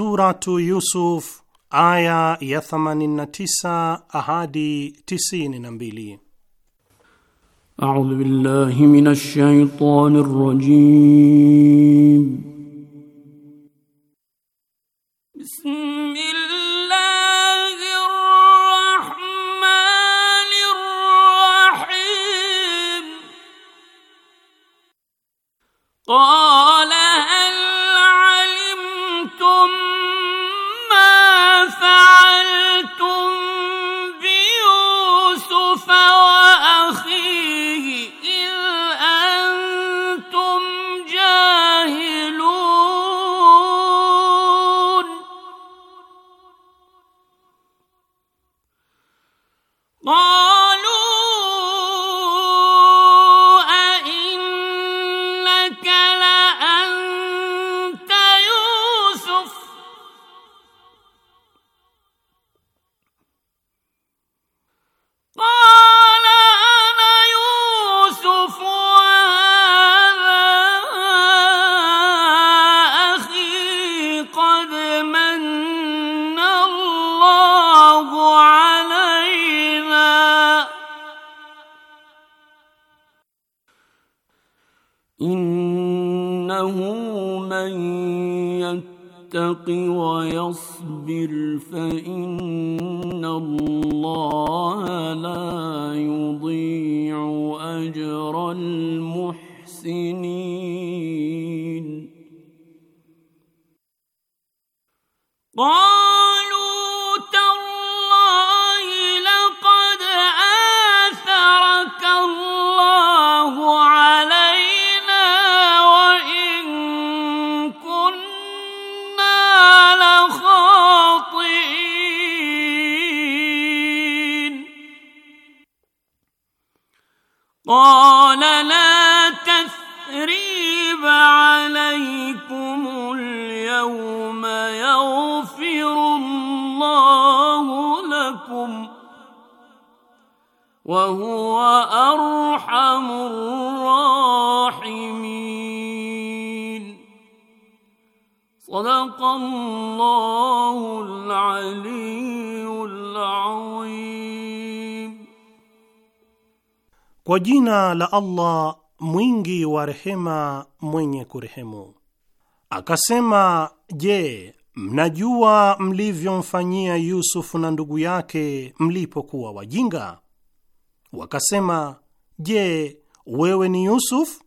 Suratu Yusuf aya ya 89 ahadi 92. A'udhu billahi minash shaitanir rajim. Bismillah قال من يتق ويصبر فإن الله لا يضيع أجر المحسنين قال wa huwa arhamur rahimin aliyyul azim Kwa jina la Allah mwingi wa rehema mwenye kurehemu. Akasema, je, mnajua mlivyomfanyia Yusufu na ndugu yake mlipokuwa wajinga? Wakasema, je, wewe ni Yusuf?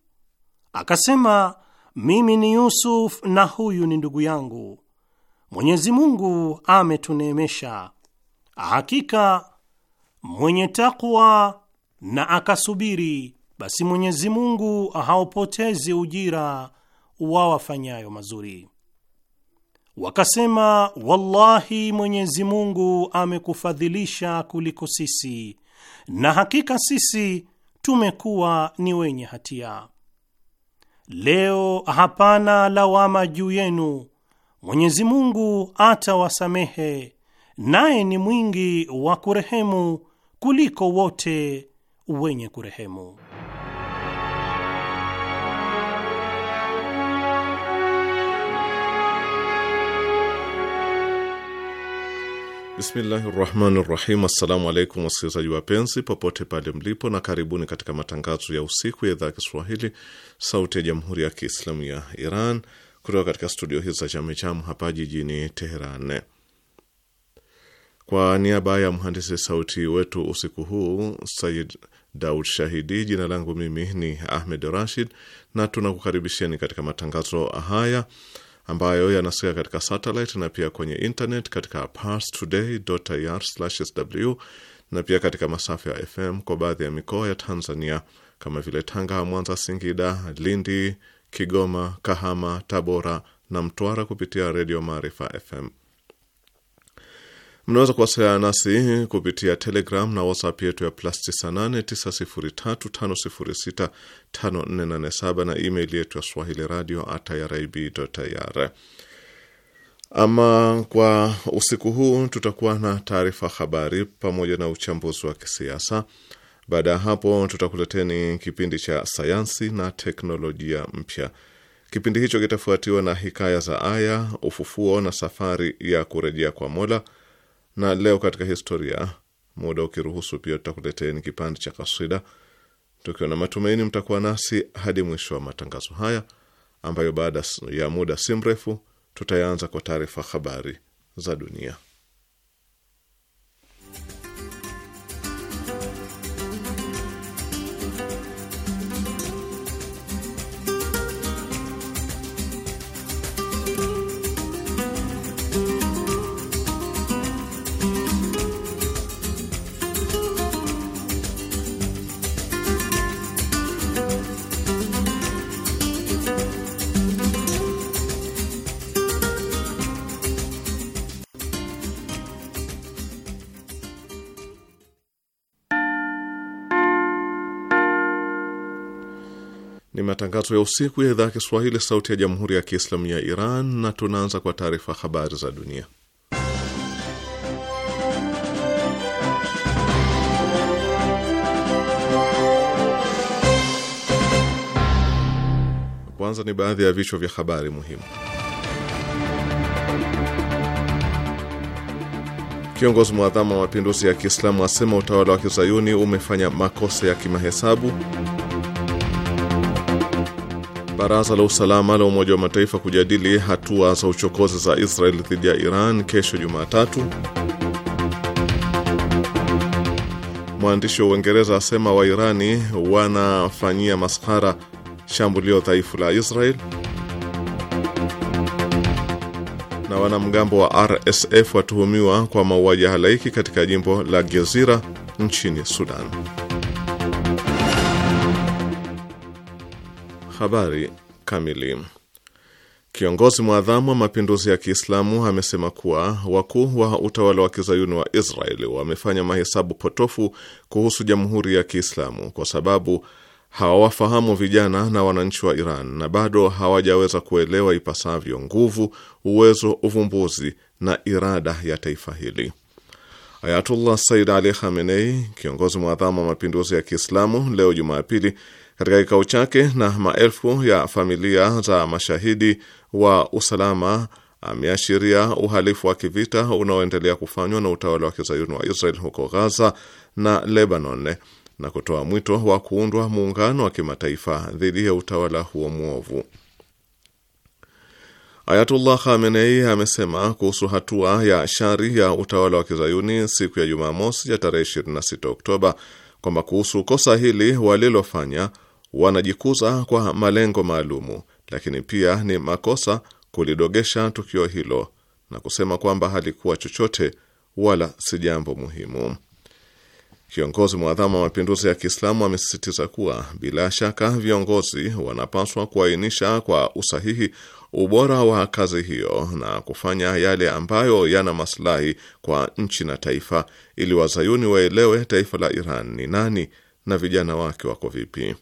Akasema, mimi ni Yusuf na huyu ni ndugu yangu. Mwenyezi Mungu ametuneemesha. Hakika mwenye takwa na akasubiri, basi Mwenyezi Mungu haupotezi ujira wa wafanyayo mazuri wakasema, wallahi, Mwenyezi Mungu amekufadhilisha kuliko sisi, na hakika sisi tumekuwa ni wenye hatia. Leo hapana lawama juu yenu, Mwenyezi Mungu atawasamehe, naye ni mwingi wa kurehemu kuliko wote wenye kurehemu. Bismillahi rahmani rahim. Assalamu alaikum wasikilizaji wapenzi popote pale mlipo, na karibuni katika matangazo ya usiku ya idhaa ya Kiswahili sauti ya jamhuri ya Kiislamu ya Iran kutoka katika studio hizi za Chamicham hapa jijini Teheran. Kwa niaba ya mhandisi sauti wetu usiku huu Sayid Daud Shahidi, jina langu mimi ni Ahmed Rashid na tunakukaribisheni katika matangazo haya ambayo yanasikika katika satellite na pia kwenye internet katika parstoday.ir/sw na pia katika masafa ya FM kwa baadhi ya mikoa ya Tanzania kama vile Tanga, Mwanza, Singida, Lindi, Kigoma, Kahama, Tabora na Mtwara kupitia redio Maarifa FM. Mnaweza kuwasiliana nasi kupitia Telegram na WhatsApp yetu ya plus 989035065487 na email yetu ya swahili radio at irib.ir. Ama kwa usiku huu tutakuwa na taarifa habari pamoja na uchambuzi wa kisiasa. Baada ya hapo, tutakuleteni kipindi cha sayansi na teknolojia mpya. Kipindi hicho kitafuatiwa na hikaya za aya, ufufuo na safari ya kurejea kwa Mola na leo katika historia. Muda ukiruhusu, pia tutakuleteeni kipande cha kasida, tukiwa na matumaini mtakuwa nasi hadi mwisho wa matangazo haya, ambayo baada ya muda si mrefu tutayaanza kwa taarifa habari za dunia. matangazo ya usiku ya idhaa ya Kiswahili, sauti ya jamhuri ya kiislamu ya Iran, na tunaanza kwa taarifa habari za dunia. Kwanza ni baadhi ya vichwa vya habari muhimu. Kiongozi mwadhamu wa mapinduzi ya Kiislamu asema utawala wa kizayuni umefanya makosa ya kimahesabu. Baraza la usalama la Umoja wa Mataifa kujadili hatua za uchokozi za Israel dhidi ya Iran kesho Jumatatu. Mwandishi wa Uingereza asema Wairani wanafanyia maskhara shambulio dhaifu la Israel. Na wanamgambo wa RSF watuhumiwa kwa mauaji halaiki katika jimbo la Gezira nchini Sudan. Habari kamili. Kiongozi mwadhamu wa mapinduzi ya Kiislamu amesema kuwa wakuu wa utawala wa kizayuni wa Israeli wamefanya mahesabu potofu kuhusu jamhuri ya Kiislamu kwa sababu hawawafahamu vijana na wananchi wa Iran na bado hawajaweza kuelewa ipasavyo nguvu, uwezo, uvumbuzi na irada ya taifa hili. Ayatullah Said Ali Khamenei, kiongozi mwadhamu wa mapinduzi ya Kiislamu, leo Jumapili katika kikao chake na maelfu ya familia za mashahidi wa usalama, ameashiria uhalifu wa kivita unaoendelea kufanywa na utawala wa kizayuni wa Israel huko Gaza na Lebanon na kutoa mwito wa kuundwa muungano wa kimataifa dhidi ya utawala huo mwovu. Ayatullah Khamenei amesema kuhusu hatua ya shari ya utawala wa kizayuni siku ya Jumamosi ya tarehe 26 Oktoba kwamba kuhusu kosa hili walilofanya wanajikuza kwa malengo maalumu, lakini pia ni makosa kulidogesha tukio hilo na kusema kwamba halikuwa chochote wala si jambo muhimu. Kiongozi mwadhamu wa mapinduzi ya Kiislamu amesisitiza kuwa bila shaka viongozi wanapaswa kuainisha kwa usahihi ubora wa kazi hiyo na kufanya yale ambayo yana maslahi kwa nchi na taifa, ili wazayuni waelewe taifa la Iran ni nani na vijana wake wako vipi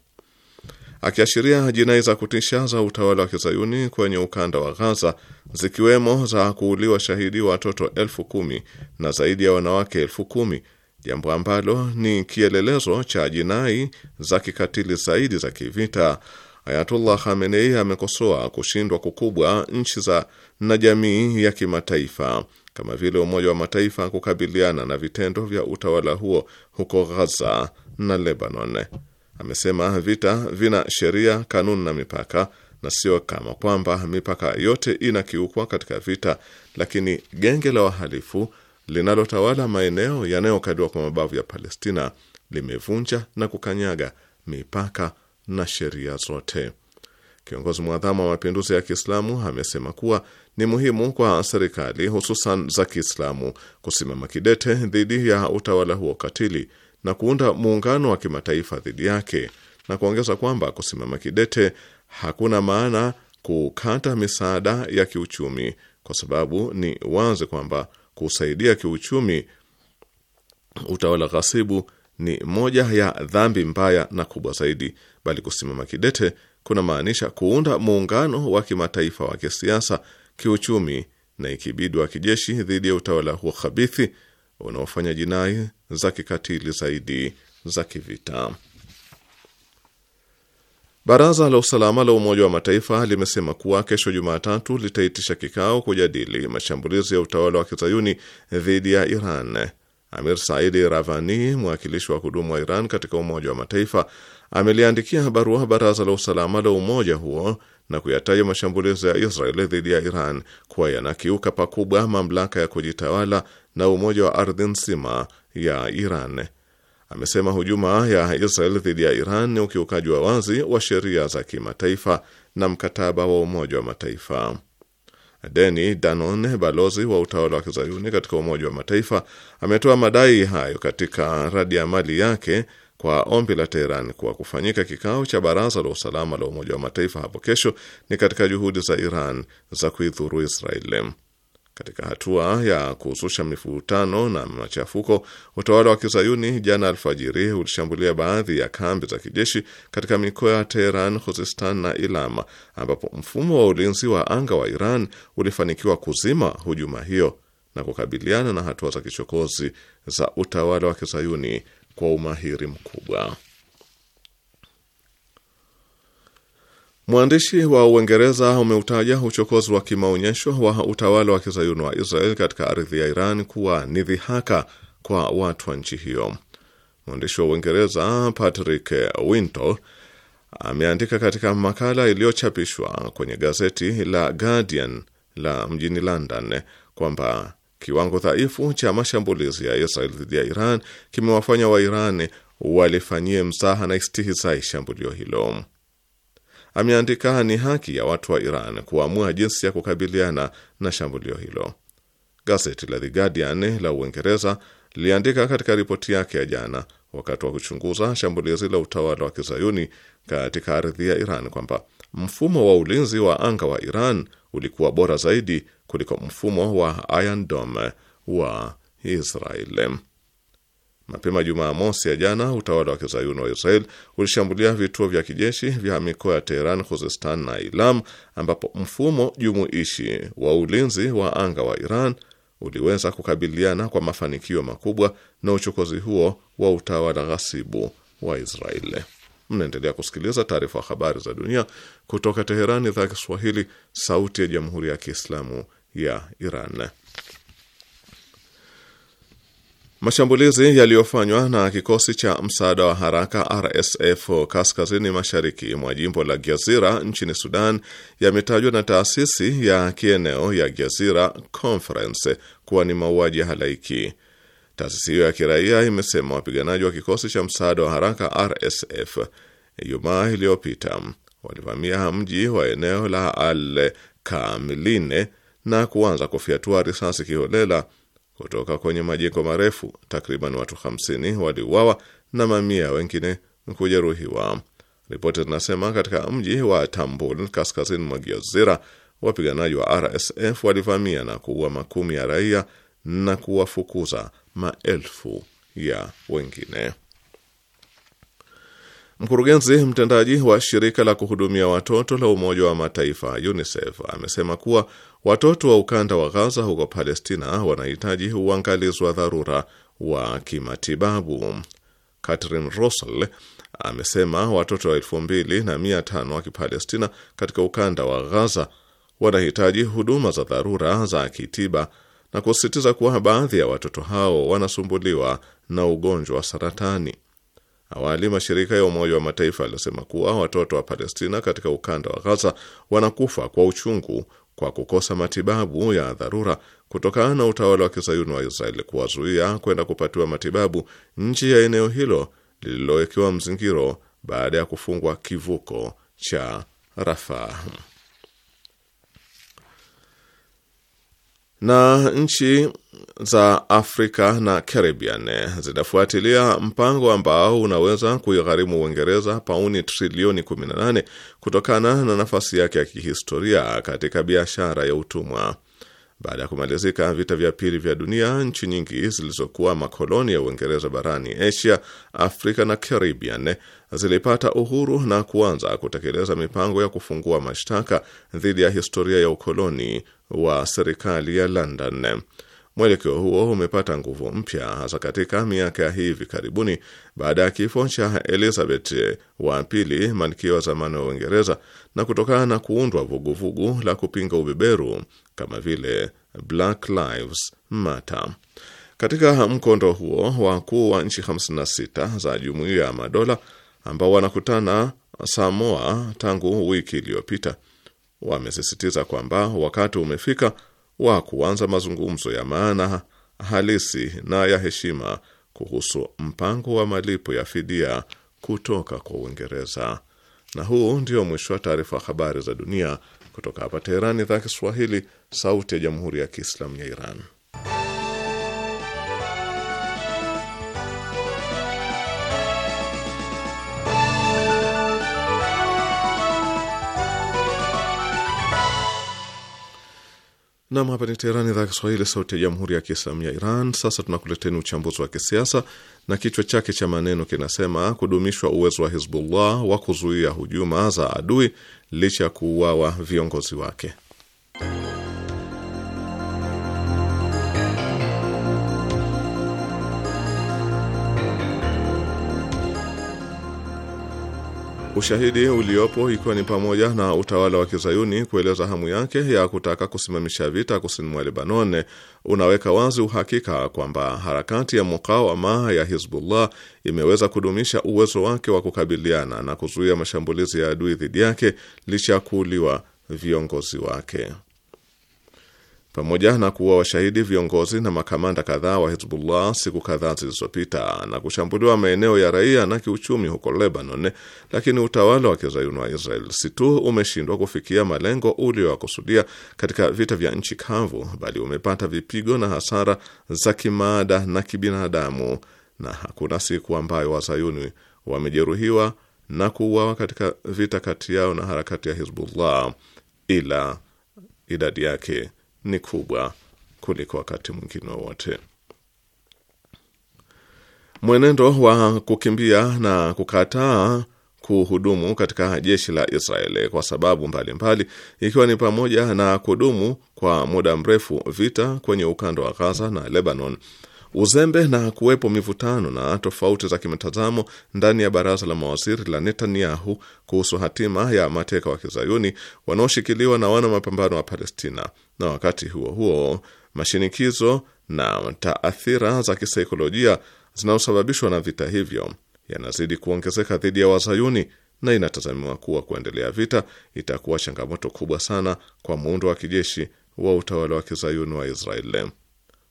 akiashiria jinai za kutisha za utawala wa kizayuni kwenye ukanda wa Ghaza, zikiwemo za kuuliwa shahidi watoto elfu kumi na zaidi ya wanawake elfu kumi jambo ambalo ni kielelezo cha jinai za kikatili zaidi za kivita. Ayatullah Khamenei amekosoa kushindwa kukubwa nchi za na jamii ya kimataifa kama vile Umoja wa Mataifa kukabiliana na vitendo vya utawala huo huko Ghaza na Lebanon. Amesema vita vina sheria, kanuni na mipaka, na sio kama kwamba mipaka yote inakiukwa katika vita, lakini genge la wahalifu linalotawala maeneo yanayokaliwa kwa mabavu ya Palestina limevunja na kukanyaga mipaka na sheria zote. Kiongozi mwadhamu wa mapinduzi ya Kiislamu amesema kuwa ni muhimu kwa serikali hususan za Kiislamu kusimama kidete dhidi ya utawala huo katili na kuunda muungano wa kimataifa dhidi yake, na kuongeza kwamba kusimama kidete hakuna maana kukata misaada ya kiuchumi, kwa sababu ni wazi kwamba kusaidia kiuchumi utawala ghasibu ni moja ya dhambi mbaya na kubwa zaidi, bali kusimama kidete kuna maanisha kuunda muungano wa kimataifa wa kisiasa, kiuchumi na ikibidi wa kijeshi dhidi ya utawala huo khabithi unaofanya jinai za kikatili zaidi za kivita. Baraza la usalama la Umoja wa Mataifa limesema kuwa kesho Jumatatu litaitisha kikao kujadili mashambulizi ya utawala wa kizayuni dhidi ya Iran. Amir Saidi Ravani, mwakilishi wa kudumu wa Iran katika Umoja wa Mataifa, ameliandikia barua baraza la usalama la umoja huo na kuyataja mashambulizi ya Israeli dhidi ya Iran kuwa yanakiuka pakubwa mamlaka ya kujitawala na umoja wa ardhi nzima ya Iran. Amesema hujuma ya Israel dhidi ya Iran ni ukiukaji wa wazi wa sheria za kimataifa na mkataba wa Umoja wa Mataifa. Deni Danon, balozi wa utawala wa kizayuni katika Umoja wa Mataifa, ametoa madai hayo katika radi ya mali yake kwa ombi la Teheran kuwa kufanyika kikao cha Baraza la Usalama la Umoja wa Mataifa hapo kesho ni katika juhudi za Iran za kuidhuru Israeli. Katika hatua ya kuhususha mivutano na machafuko, utawala wa kizayuni jana alfajiri ulishambulia baadhi ya kambi za kijeshi katika mikoa ya Teheran, Khuzistan na Ilama, ambapo mfumo wa ulinzi wa anga wa Iran ulifanikiwa kuzima hujuma hiyo na kukabiliana na hatua za kichokozi za utawala wa kizayuni kwa umahiri mkubwa. Mwandishi wa Uingereza umeutaja uchokozi wa kimaonyesho wa utawala wa kizayuni wa Israel katika ardhi ya Iran kuwa ni dhihaka kwa watu wa nchi hiyo. Mwandishi wa Uingereza Patrick winto ameandika katika makala iliyochapishwa kwenye gazeti la Guardian la mjini London kwamba kiwango dhaifu cha mashambulizi ya Israel dhidi ya Iran kimewafanya Wairani walifanyie msaha na istihizai shambulio hilo ameandika ni haki ya watu wa Iran kuamua jinsi ya kukabiliana na shambulio hilo. Gazeti la The Guardian la Uingereza liliandika katika ripoti yake ya jana wakati wa kuchunguza shambulizi la utawala wa kizayuni katika ardhi ya Iran kwamba mfumo wa ulinzi wa anga wa Iran ulikuwa bora zaidi kuliko mfumo wa Iron Dome wa Israel. Mapema mosi ya jana utawala wa kizayuni wa Israel ulishambulia vituo vya kijeshi vya mikoa ya Teheran, Khuzestan na Ilam, ambapo mfumo jumuishi wa ulinzi wa anga wa Iran uliweza kukabiliana kwa mafanikio makubwa na uchokozi huo wa utawala ghasibu wa Israeli. Mnaendelea kusikiliza taarifa ya habari za dunia kutoka Teherani, idhaa ya Kiswahili, sauti ya jamhuri ya kiislamu ya Iran. Mashambulizi yaliyofanywa na kikosi cha msaada wa haraka RSF kaskazini mashariki mwa jimbo la Jazira nchini Sudan yametajwa na taasisi ya kieneo ya Jazira Conference kuwa ni mauaji ya halaiki. Taasisi hiyo ya kiraia imesema wapiganaji wa kikosi cha msaada wa haraka RSF Ijumaa iliyopita walivamia mji wa eneo la Al Kamiline na kuanza kufyatua risasi kiholela kutoka kwenye majengo marefu. Takriban watu 50 waliuawa na mamia wengine kujeruhiwa. Ripoti zinasema katika mji wa Tambul kaskazini mwa Giozira, wapiganaji wa RSF walivamia na kuua makumi ya raia na kuwafukuza maelfu ya wengine. Mkurugenzi mtendaji wa shirika la kuhudumia watoto la Umoja wa Mataifa UNICEF amesema kuwa Watoto wa ukanda wa Ghaza huko Palestina wanahitaji uangalizi wa dharura wa kimatibabu. Catherine Russell amesema watoto wa elfu mbili na mia tano wa Kipalestina katika ukanda wa Ghaza wanahitaji huduma za dharura za kitiba na kusisitiza kuwa baadhi ya watoto hao wanasumbuliwa na ugonjwa wa saratani. Awali mashirika ya Umoja wa Mataifa yalisema kuwa watoto wa Palestina katika ukanda wa Ghaza wanakufa kwa uchungu kwa kukosa matibabu ya dharura kutokana na utawala wa kizayuni wa Israeli kuwazuia kwenda kupatiwa matibabu nchi ya eneo hilo lililowekewa mzingiro baada ya kufungwa kivuko cha Rafah. na nchi za Afrika na Caribbean zinafuatilia mpango ambao unaweza kuigharimu Uingereza pauni trilioni 18 kutokana na nafasi yake ya kihistoria katika biashara ya utumwa. Baada ya kumalizika vita vya pili vya dunia, nchi nyingi zilizokuwa makoloni ya Uingereza barani Asia, Afrika na Caribbean zilipata uhuru na kuanza kutekeleza mipango ya kufungua mashtaka dhidi ya historia ya ukoloni wa serikali ya London. Mwelekeo huo umepata nguvu mpya hasa katika miaka ya hivi karibuni baada ya kifo cha Elizabeth wa pili, malkia wa zamani wa Uingereza, na kutokana na kuundwa vuguvugu vugu la kupinga ubeberu kama vile Black Lives Matter. Katika mkondo huo wakuu wa nchi 56 za Jumuiya ya Madola ambao wanakutana Samoa tangu wiki iliyopita wamesisitiza kwamba wakati umefika wa kuanza mazungumzo ya maana halisi na ya heshima kuhusu mpango wa malipo ya fidia kutoka kwa Uingereza. Na huu ndio mwisho wa taarifa ya habari za dunia kutoka hapa Teherani, idhaa Kiswahili, sauti ya jamhuri ya kiislamu ya Iran. Nam, hapa ni Teherani, idhaa ya Kiswahili, sauti ya jamhuri ya kiislamu ya Iran. Sasa tunakuleteni uchambuzi wa kisiasa na kichwa chake cha maneno kinasema kudumishwa uwezo wa Hizbullah wa kuzuia hujuma za adui licha ya kuuawa viongozi wake. Ushahidi uliopo ikiwa ni pamoja na utawala wa kizayuni kueleza hamu yake ya kutaka kusimamisha vita kusini mwa Lebanon unaweka wazi uhakika kwamba harakati ya mukawama ya Hizbullah imeweza kudumisha uwezo wake wa kukabiliana na kuzuia mashambulizi ya adui dhidi yake licha ya kuuliwa viongozi wake pamoja na kuwa washahidi viongozi na makamanda kadhaa wa Hizbullah siku kadhaa zilizopita na kushambuliwa maeneo ya raia na kiuchumi huko Lebanon, lakini utawala wa kizayuni wa Israel si tu umeshindwa kufikia malengo uliowakusudia katika vita vya nchi kavu, bali umepata vipigo na hasara za kimaada na kibinadamu, na hakuna siku ambayo wazayuni wamejeruhiwa na kuuawa katika vita kati yao na harakati ya Hizbullah ila idadi yake ni kubwa kuliko wakati mwingine wowote. Mwenendo wa kukimbia na kukataa kuhudumu katika jeshi la Israeli kwa sababu mbalimbali mbali, ikiwa ni pamoja na kudumu kwa muda mrefu vita kwenye ukanda wa Gaza na Lebanon Uzembe na kuwepo mivutano na tofauti za kimitazamo ndani ya baraza la mawaziri la Netanyahu kuhusu hatima ya mateka wa kizayuni wanaoshikiliwa na wana mapambano wa Palestina, na wakati huo huo mashinikizo na taathira za kisaikolojia zinazosababishwa na vita hivyo yanazidi kuongezeka dhidi ya wazayuni na inatazamiwa kuwa kuendelea vita itakuwa changamoto kubwa sana kwa muundo wa kijeshi wa utawala wa kizayuni wa Israeli.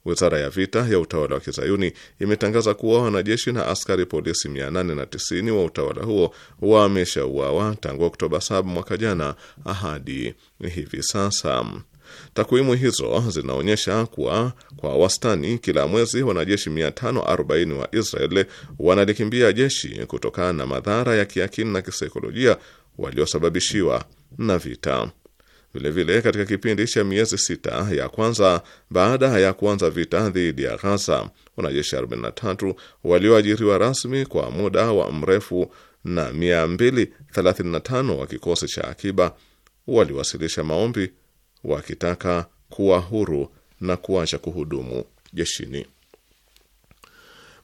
Wizara ya vita ya utawala wa kizayuni imetangaza kuwa wanajeshi na askari polisi 890 wa utawala huo wameshauawa tangu Oktoba 7 mwaka jana hadi hivi sasa. Takwimu hizo zinaonyesha kuwa kwa wastani kila mwezi wanajeshi 540 wa Israel wanalikimbia jeshi kutokana na madhara ya kiakini na kisaikolojia waliosababishiwa na vita. Vilevile, katika kipindi cha miezi sita ya kwanza baada ya kuanza vita dhidi ya Ghaza, wanajeshi 43 walioajiriwa rasmi kwa muda wa mrefu na 235 wa kikosi cha akiba waliwasilisha maombi wakitaka kuwa huru na kuacha kuhudumu jeshini.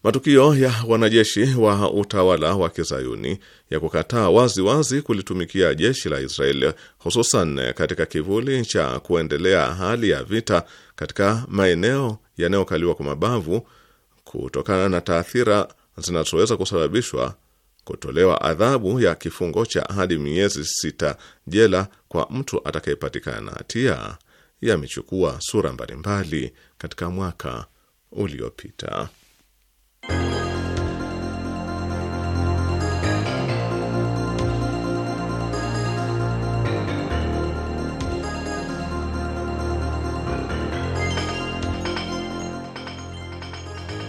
Matukio ya wanajeshi wa utawala wa kizayuni ya kukataa wazi wazi kulitumikia jeshi la Israel hususan katika kivuli cha kuendelea hali ya vita katika maeneo yanayokaliwa kwa mabavu, kutokana na taathira zinazoweza kusababishwa, kutolewa adhabu ya kifungo cha hadi miezi sita jela kwa mtu atakayepatikana hatia, yamechukua sura mbalimbali katika mwaka uliopita.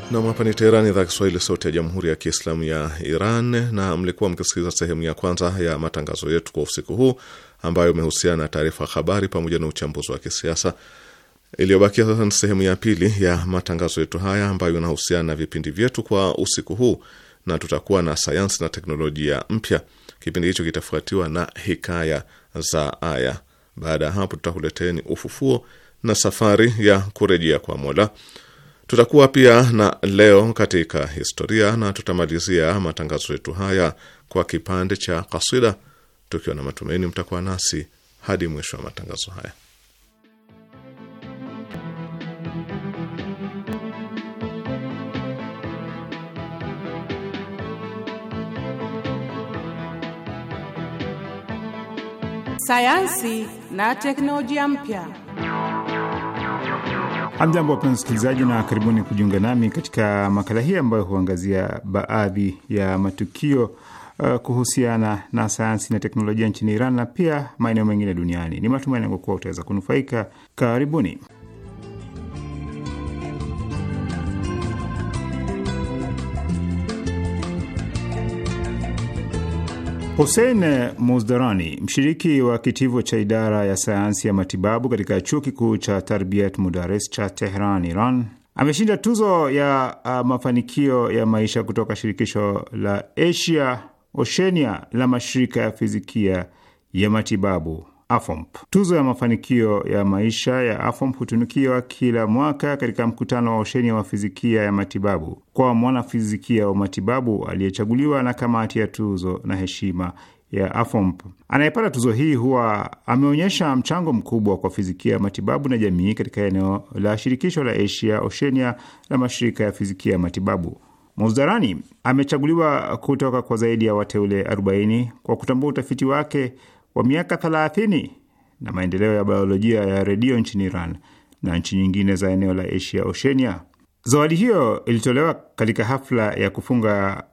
Nam, hapa ni Teherani, idhaa Kiswahili, sauti ya jamhuri ya kiislamu ya Iran. Na mlikuwa mkisikiliza sehemu ya kwanza ya matangazo yetu kwa usiku huu ambayo imehusiana na taarifa habari pamoja na uchambuzi wa kisiasa. Iliyobakia sasa ni sehemu ya pili ya matangazo yetu haya ambayo inahusiana na vipindi vyetu kwa usiku huu, na tutakuwa na sayansi na teknolojia mpya. Kipindi hicho kitafuatiwa na hikaya za aya. Baada ya hapo, tutakuleteni ufufuo na safari ya kurejea kwa Mola. Tutakuwa pia na leo katika historia, na tutamalizia matangazo yetu haya kwa kipande cha kasida, tukiwa na matumaini mtakuwa nasi hadi mwisho wa matangazo haya. sayansi na teknolojia mpya. Hamjambo, wapenzi msikilizaji, na karibuni kujiunga nami katika makala hii ambayo huangazia baadhi ya matukio uh, kuhusiana na sayansi na teknolojia nchini Iran na pia maeneo mengine duniani. Ni matumaini yangu kuwa utaweza kunufaika. Karibuni. Hussein Muzdarani, mshiriki wa kitivo cha idara ya sayansi ya matibabu katika chuo kikuu cha Tarbiat Mudares cha Tehran, Iran, ameshinda tuzo ya uh, mafanikio ya maisha kutoka shirikisho la Asia Oshenia la mashirika ya fizikia ya matibabu AFOMP. Tuzo ya mafanikio ya maisha ya AFOMP hutunukiwa kila mwaka katika mkutano wa osheni wa fizikia ya matibabu kwa mwanafizikia wa matibabu aliyechaguliwa na kamati ya tuzo na heshima ya AFOMP. Anayepata tuzo hii huwa ameonyesha mchango mkubwa kwa fizikia ya matibabu na jamii katika eneo la shirikisho la Asia Oshenia la mashirika ya fizikia ya matibabu. Muzdarani amechaguliwa kutoka kwa zaidi ya wateule 40 kwa kutambua utafiti wake wa miaka 30 na maendeleo ya biolojia ya redio nchini Iran na nchi nyingine za eneo la Asia Oceania. Zawadi hiyo ilitolewa katika hafla ya kufunga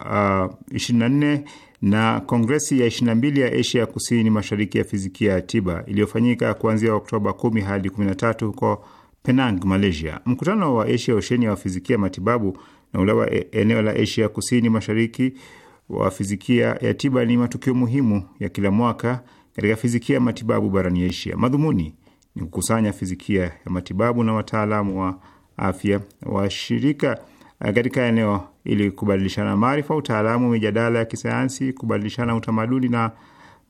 uh, 24 na kongresi ya 22 ya Asia Kusini Mashariki ya fizikia ya tiba iliyofanyika kuanzia Oktoba 10 hadi 13 huko Penang, Malaysia. Mkutano wa Asia Oceania wa fizikia matibabu na ule wa e, eneo la Asia Kusini Mashariki wa fizikia ya tiba ni matukio muhimu ya kila mwaka katika fizikia ya matibabu barani Asia. Madhumuni ni kukusanya fizikia ya matibabu na wataalamu wa afya washirika eh, katika eneo ili kubadilishana maarifa, utaalamu, mijadala ya kisayansi, kubadilishana utamaduni na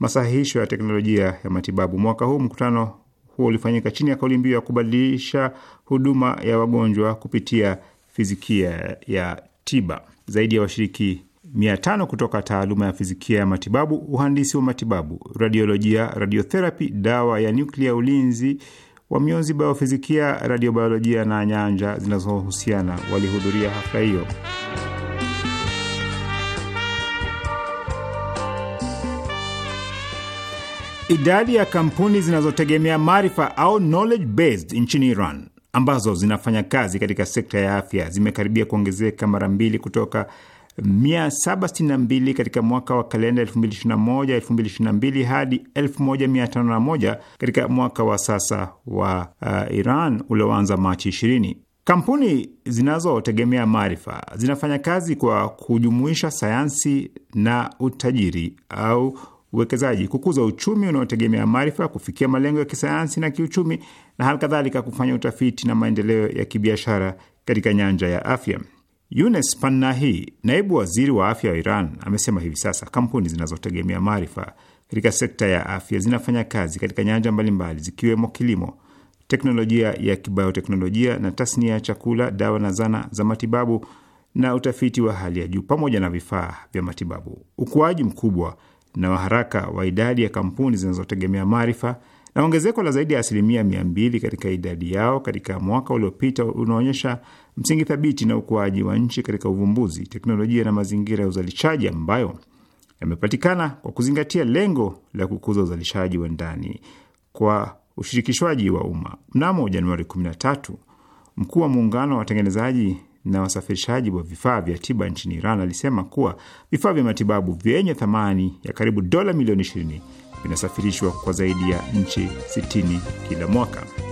masahihisho ya teknolojia ya matibabu. Mwaka huu mkutano huo ulifanyika chini ya kauli mbiu ya kubadilisha huduma ya wagonjwa kupitia fizikia ya tiba. Zaidi ya washiriki 500 kutoka taaluma ya fizikia ya matibabu, uhandisi wa matibabu, radiolojia, radiotherapy, dawa ya nyuklia, ulinzi wa mionzi, biofizikia, radiobiolojia na nyanja zinazohusiana walihudhuria hafla hiyo. Idadi ya kampuni zinazotegemea maarifa au knowledge based nchini Iran ambazo zinafanya kazi katika sekta ya afya zimekaribia kuongezeka mara mbili kutoka 762 katika mwaka wa kalenda 2021, 2022 hadi 1501 katika mwaka wa sasa wa uh, Iran ulioanza Machi 20. Kampuni zinazotegemea maarifa zinafanya kazi kwa kujumuisha sayansi na utajiri au uwekezaji, kukuza uchumi unaotegemea maarifa, kufikia malengo ya kisayansi na kiuchumi, na hali kadhalika kufanya utafiti na maendeleo ya kibiashara katika nyanja ya afya. Yunes Panahi, naibu waziri wa afya wa Iran, amesema hivi sasa kampuni zinazotegemea maarifa katika sekta ya afya zinafanya kazi katika nyanja mbalimbali zikiwemo kilimo, teknolojia ya kibayoteknolojia na tasnia ya chakula, dawa na zana za matibabu na utafiti wa hali ya juu pamoja na vifaa vya matibabu. Ukuaji mkubwa na wa haraka wa idadi ya kampuni zinazotegemea maarifa na ongezeko la zaidi ya asilimia mia mbili katika idadi yao katika mwaka uliopita unaonyesha msingi thabiti na ukuaji wa nchi katika uvumbuzi, teknolojia na mazingira ya uzalishaji ambayo yamepatikana kwa kuzingatia lengo la kukuza uzalishaji wa ndani kwa ushirikishwaji wa umma. Mnamo Januari 13 mkuu wa muungano wa watengenezaji na wasafirishaji wa vifaa vya tiba nchini Iran alisema kuwa vifaa vya matibabu vyenye thamani ya karibu dola milioni 20 vinasafirishwa kwa zaidi ya nchi 60 kila mwaka.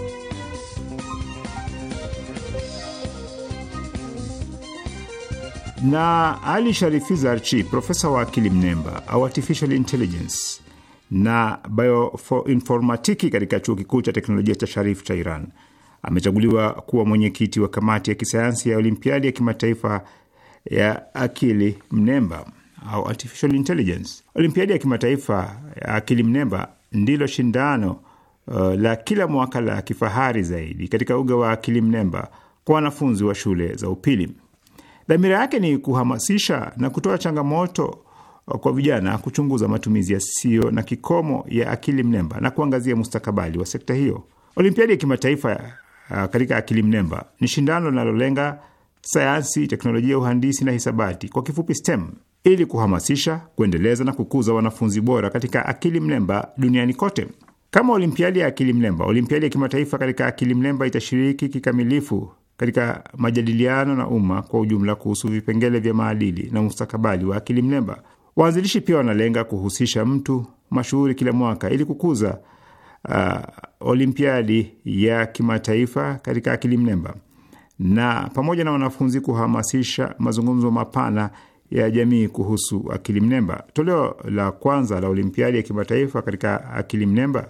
na Ali Sharifi Zarchi, profesa wa akili mnemba, artificial intelligence na bioinformatiki katika chuo kikuu cha teknolojia cha Sharif cha Iran amechaguliwa kuwa mwenyekiti wa kamati ya kisayansi ya olimpiadi ya kimataifa ya akili mnemba au artificial intelligence. Olimpiadi ya kimataifa ya akili mnemba ndilo shindano uh, la kila mwaka la kifahari zaidi katika uga wa akili mnemba kwa wanafunzi wa shule za upili. Dhamira yake ni kuhamasisha na kutoa changamoto uh, kwa vijana kuchunguza matumizi yasiyo na kikomo ya akili mnemba na kuangazia mustakabali wa sekta hiyo. Olimpiadi ya kimataifa uh, katika akili mnemba ni shindano linalolenga sayansi, teknolojia, uhandisi na hisabati, kwa kifupi STEM, ili kuhamasisha, kuendeleza na kukuza wanafunzi bora katika akili mnemba duniani kote. Kama olimpiadi ya akili mnemba, olimpiadi ya kimataifa katika akili mnemba itashiriki kikamilifu katika majadiliano na umma kwa ujumla kuhusu vipengele vya maadili na mustakabali wa akili mnemba. Waanzilishi pia wanalenga kuhusisha mtu mashuhuri kila mwaka ili kukuza uh, olimpiadi ya kimataifa katika akili mnemba na pamoja na wanafunzi kuhamasisha mazungumzo mapana ya jamii kuhusu akili mnemba. Toleo la kwanza la olimpiadi ya kimataifa katika akili mnemba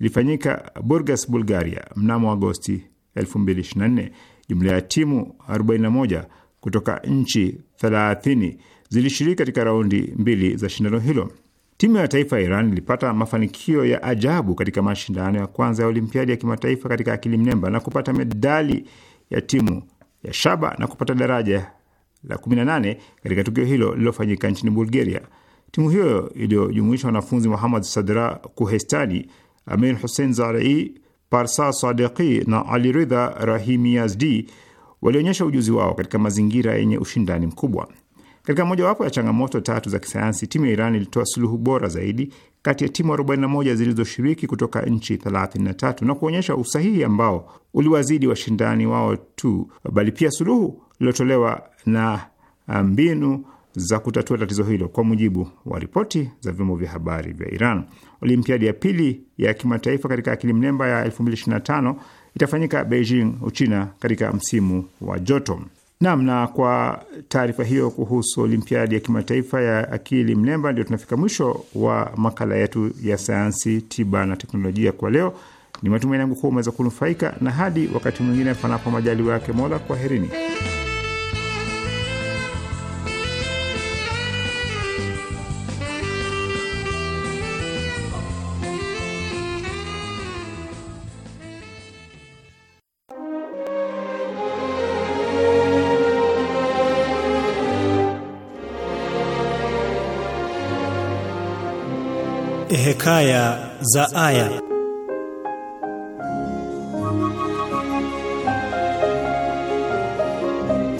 lilifanyika Burgas, Bulgaria mnamo Agosti 2024. Jumla ya timu 41 kutoka nchi 30 zilishiriki katika raundi mbili za shindano hilo. Timu ya taifa ya Iran ilipata mafanikio ya ajabu katika mashindano ya kwanza ya Olimpiadi ya kimataifa katika akili mnemba na kupata medali ya timu ya shaba na kupata daraja la 18 katika tukio hilo lililofanyika nchini Bulgaria. Timu hiyo iliyojumuisha wanafunzi Muhammad Sadra Kuhestani, Amir Hussein Zarai, Parsa Sadiqi na Ali Ridha Rahimi Yazdi walionyesha ujuzi wao katika mazingira yenye ushindani mkubwa. Katika mojawapo ya changamoto tatu za kisayansi, timu ya Iran ilitoa suluhu bora zaidi kati ya timu 41 zilizoshiriki kutoka nchi 33 na kuonyesha usahihi ambao uliwazidi washindani wao tu, bali pia suluhu lililotolewa na uh, mbinu za kutatua tatizo hilo. Kwa mujibu wa ripoti za vyombo vya habari vya Iran, olimpiadi ya pili ya kimataifa katika akili mnemba ya 2025 itafanyika Beijing, Uchina, katika msimu wa joto. Naam, na kwa taarifa hiyo kuhusu olimpiadi ya kimataifa ya akili mnemba, ndio tunafika mwisho wa makala yetu ya sayansi, tiba na teknolojia kwa leo. Ni matumaini yangu kuwa umeweza kunufaika, na hadi wakati mwingine, panapo majaliwa yake Mola, kwaherini. Hekaya za Aya.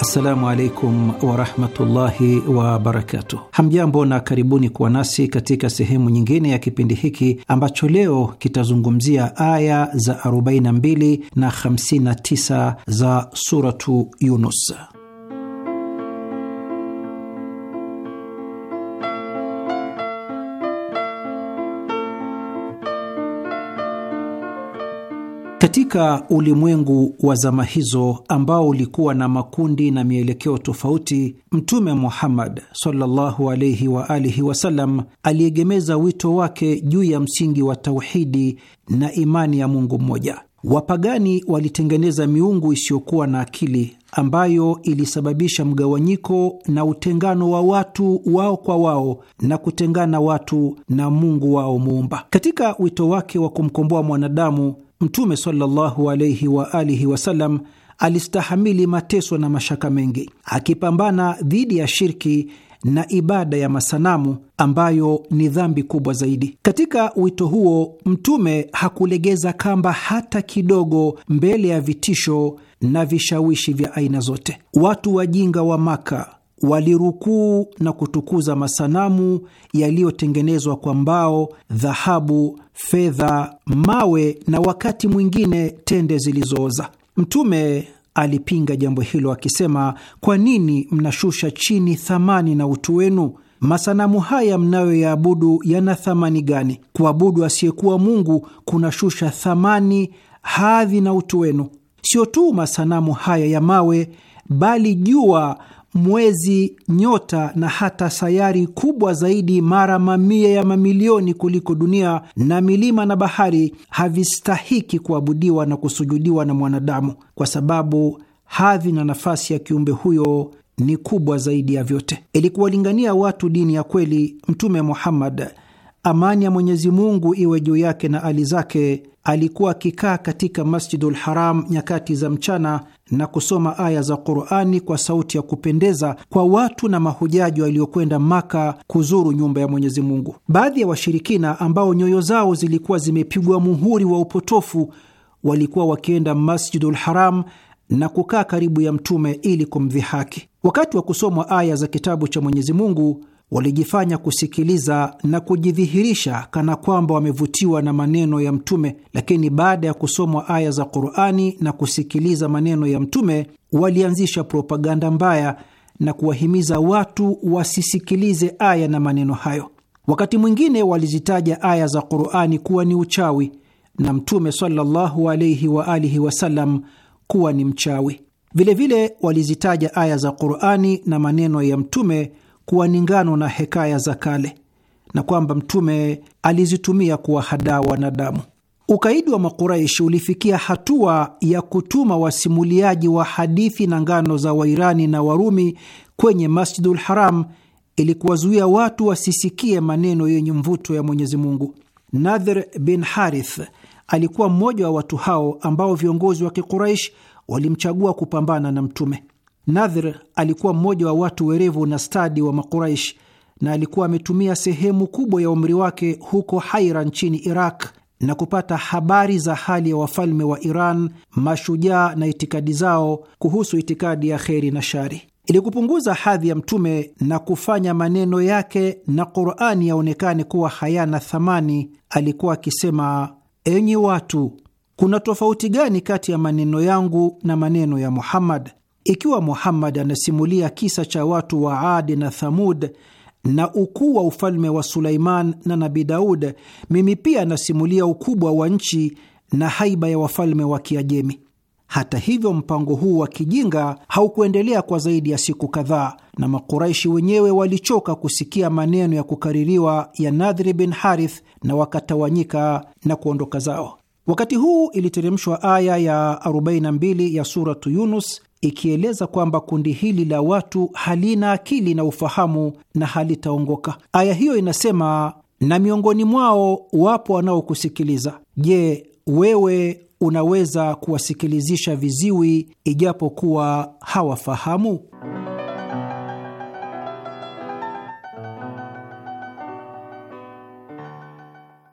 Assalamu alaikum warahmatullahi wabarakatuh. Hamjambo na karibuni kuwa nasi katika sehemu nyingine ya kipindi hiki ambacho leo kitazungumzia aya za 42 na 59 za Suratu Yunus. Katika ulimwengu wa zama hizo ambao ulikuwa na makundi na mielekeo tofauti, Mtume Muhammad sallallahu wa alihi wasallam aliegemeza wito wake juu ya msingi wa tauhidi na imani ya Mungu mmoja. Wapagani walitengeneza miungu isiyokuwa na akili ambayo ilisababisha mgawanyiko na utengano wa watu wao kwa wao na kutengana watu na Mungu wao Muumba. Katika wito wake wa kumkomboa mwanadamu Mtume sallallahu alaihi wa alihi wasallam alistahamili mateso na mashaka mengi akipambana dhidi ya shirki na ibada ya masanamu ambayo ni dhambi kubwa zaidi. Katika wito huo, Mtume hakulegeza kamba hata kidogo mbele ya vitisho na vishawishi vya aina zote. Watu wajinga wa Maka walirukuu na kutukuza masanamu yaliyotengenezwa kwa mbao, dhahabu, fedha, mawe na wakati mwingine tende zilizooza. Mtume alipinga jambo hilo akisema, kwa nini mnashusha chini thamani na utu wenu? Masanamu haya mnayoyaabudu yana thamani gani? Kuabudu asiyekuwa Mungu kunashusha thamani, hadhi na utu wenu. Sio tu masanamu haya ya mawe, bali jua mwezi, nyota na hata sayari kubwa zaidi mara mamia ya mamilioni kuliko dunia na milima na bahari havistahiki kuabudiwa na kusujudiwa na mwanadamu, kwa sababu hadhi na nafasi ya kiumbe huyo ni kubwa zaidi ya vyote. Ili kuwalingania watu dini ya kweli, Mtume Muhammad, amani ya Mwenyezi Mungu iwe juu yake na ali zake alikuwa akikaa katika Masjidul Haram nyakati za mchana na kusoma aya za Qurani kwa sauti ya kupendeza kwa watu na mahujaji waliokwenda Maka kuzuru nyumba ya Mwenyezi Mungu. Baadhi ya washirikina ambao nyoyo zao zilikuwa zimepigwa muhuri wa upotofu walikuwa wakienda Masjidul Haram na kukaa karibu ya Mtume ili kumdhihaki. Wakati wa kusomwa aya za kitabu cha Mwenyezi Mungu, walijifanya kusikiliza na kujidhihirisha kana kwamba wamevutiwa na maneno ya Mtume, lakini baada ya kusomwa aya za Qur'ani na kusikiliza maneno ya Mtume walianzisha propaganda mbaya na kuwahimiza watu wasisikilize aya na maneno hayo. Wakati mwingine walizitaja aya za Qur'ani kuwa ni uchawi na Mtume sallallahu alayhi wa alihi wasallam kuwa ni mchawi. Vilevile vile walizitaja aya za Qur'ani na maneno ya Mtume kuwa ni ngano na hekaya za kale na kwamba Mtume alizitumia kuwahadaa wanadamu. Ukaidi wa Makuraishi ulifikia hatua ya kutuma wasimuliaji wa hadithi na ngano za Wairani na Warumi kwenye Masjidul Haram ili kuwazuia watu wasisikie maneno yenye mvuto ya Mwenyezi Mungu. Nadhr bin Harith alikuwa mmoja wa watu hao ambao viongozi wa Kikuraish walimchagua kupambana na Mtume. Nadhir alikuwa mmoja wa watu werevu na stadi wa Makuraish na alikuwa ametumia sehemu kubwa ya umri wake huko Haira nchini Iraq na kupata habari za hali ya wafalme wa Iran, mashujaa na itikadi zao kuhusu itikadi ya kheri na shari. Ili kupunguza hadhi ya Mtume na kufanya maneno yake na Qurani yaonekane kuwa hayana thamani, alikuwa akisema: enyi watu, kuna tofauti gani kati ya maneno yangu na maneno ya Muhammad? Ikiwa Muhammad anasimulia kisa cha watu wa Adi na Thamud na ukuu wa ufalme wa Suleiman na Nabi Daud, mimi pia anasimulia ukubwa wa nchi na haiba ya wafalme wa Kiajemi. Hata hivyo, mpango huu wa kijinga haukuendelea kwa zaidi ya siku kadhaa, na Makuraishi wenyewe walichoka kusikia maneno ya kukaririwa ya nadhri bin Harith na wakatawanyika na kuondoka zao. Wakati huu iliteremshwa aya ya 42 ya suratu Yunus ikieleza kwamba kundi hili la watu halina akili na ufahamu na halitaongoka. Aya hiyo inasema, na miongoni mwao wapo wanaokusikiliza. Je, wewe unaweza kuwasikilizisha viziwi ijapokuwa hawafahamu?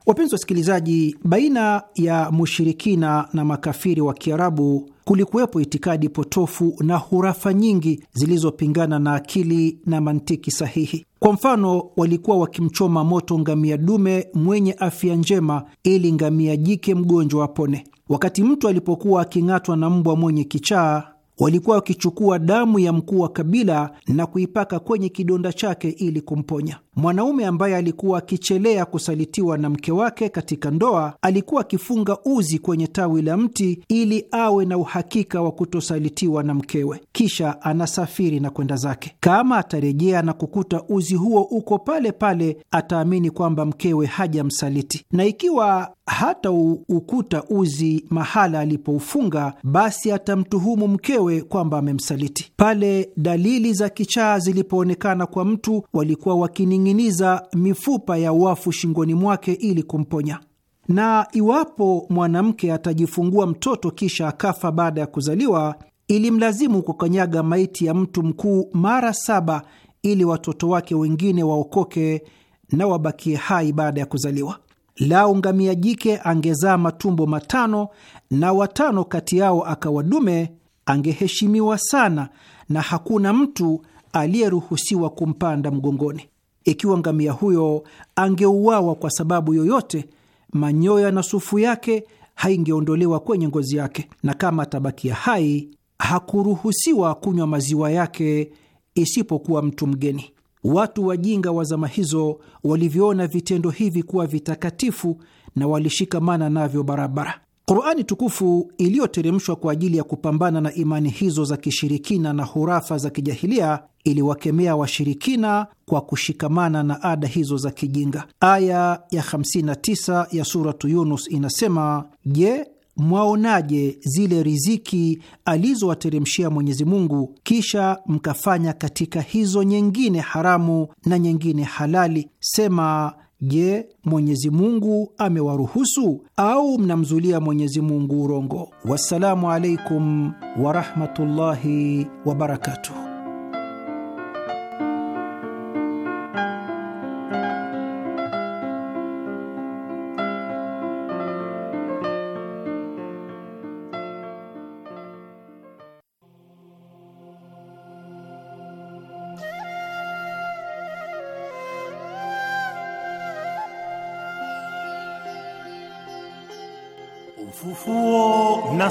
Wapenzi wasikilizaji, baina ya mushirikina na makafiri wa Kiarabu kulikuwepo itikadi potofu na hurafa nyingi zilizopingana na akili na mantiki sahihi. Kwa mfano, walikuwa wakimchoma moto ngamia dume mwenye afya njema ili ngamia jike mgonjwa apone. Wakati mtu alipokuwa aking'atwa na mbwa mwenye kichaa, walikuwa wakichukua damu ya mkuu wa kabila na kuipaka kwenye kidonda chake ili kumponya. Mwanaume ambaye alikuwa akichelea kusalitiwa na mke wake katika ndoa alikuwa akifunga uzi kwenye tawi la mti ili awe na uhakika wa kutosalitiwa na mkewe, kisha anasafiri na kwenda zake. Kama atarejea na kukuta uzi huo uko pale pale, ataamini kwamba mkewe hajamsaliti, na ikiwa hata ukuta uzi mahala alipoufunga, basi atamtuhumu mkewe kwamba amemsaliti. Pale dalili za kichaa zilipoonekana kwa mtu, walikuwa wakiningi kuning'iniza mifupa ya wafu shingoni mwake ili kumponya. Na iwapo mwanamke atajifungua mtoto kisha akafa baada ya kuzaliwa, ilimlazimu kukanyaga maiti ya mtu mkuu mara saba ili watoto wake wengine waokoke na wabakie hai baada ya kuzaliwa. Lau ngamia jike angezaa matumbo matano na watano kati yao akawa dume, angeheshimiwa sana na hakuna mtu aliyeruhusiwa kumpanda mgongoni. Ikiwa ngamia huyo angeuawa kwa sababu yoyote, manyoya na sufu yake haingeondolewa kwenye ngozi yake, na kama atabakia hai hakuruhusiwa kunywa maziwa yake isipokuwa mtu mgeni. Watu wajinga wa zama hizo walivyoona vitendo hivi kuwa vitakatifu na walishikamana navyo barabara. Qurani tukufu iliyoteremshwa kwa ajili ya kupambana na imani hizo za kishirikina na hurafa za kijahilia iliwakemea washirikina kwa kushikamana na ada hizo za kijinga. Aya ya 59 ya Suratu Yunus inasema: Je, mwaonaje zile riziki alizowateremshia Mwenyezi Mungu, kisha mkafanya katika hizo nyingine haramu na nyingine halali? Sema, Je, Mwenyezi Mungu amewaruhusu au mnamzulia Mwenyezi Mungu urongo? Wassalamu alaikum warahmatullahi wabarakatuh.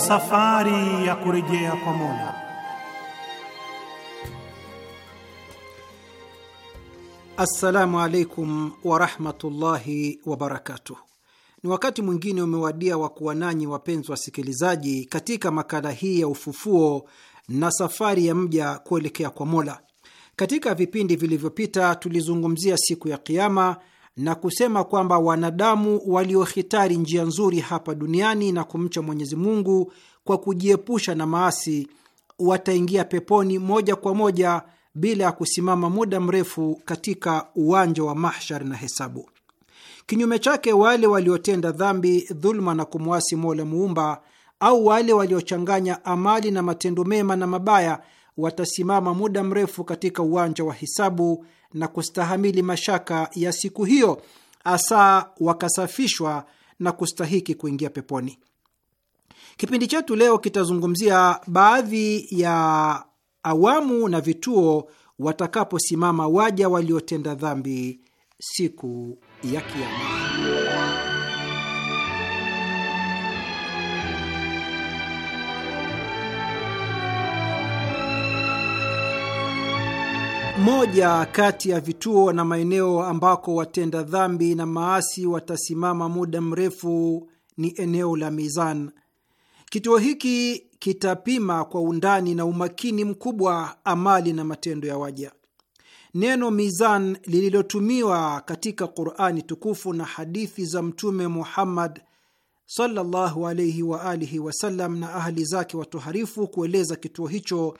safari ya kurejea kwa Mola. Assalamu alaikum warahmatullahi wabarakatuh. Ni wakati mwingine umewadia wa kuwa nanyi wapenzi wasikilizaji, katika makala hii ya ufufuo na safari ya mja kuelekea kwa Mola. Katika vipindi vilivyopita tulizungumzia siku ya Kiama na kusema kwamba wanadamu waliohitari njia nzuri hapa duniani na kumcha Mwenyezi Mungu kwa kujiepusha na maasi wataingia peponi moja kwa moja bila ya kusimama muda mrefu katika uwanja wa mahshar na hesabu. Kinyume chake, wale waliotenda dhambi, dhuluma na kumwasi Mola Muumba au wale waliochanganya amali na matendo mema na mabaya watasimama muda mrefu katika uwanja wa hisabu na kustahamili mashaka ya siku hiyo, hasa wakasafishwa na kustahiki kuingia peponi. Kipindi chetu leo kitazungumzia baadhi ya awamu na vituo watakaposimama waja waliotenda dhambi siku ya Kiama. Moja kati ya vituo na maeneo ambako watenda dhambi na maasi watasimama muda mrefu ni eneo la mizan. Kituo hiki kitapima kwa undani na umakini mkubwa amali na matendo ya waja. Neno mizan lililotumiwa katika Qurani tukufu na hadithi za Mtume Muhammad sallallahu alayhi wa alihi wasallam na ahli zake watoharifu kueleza kituo hicho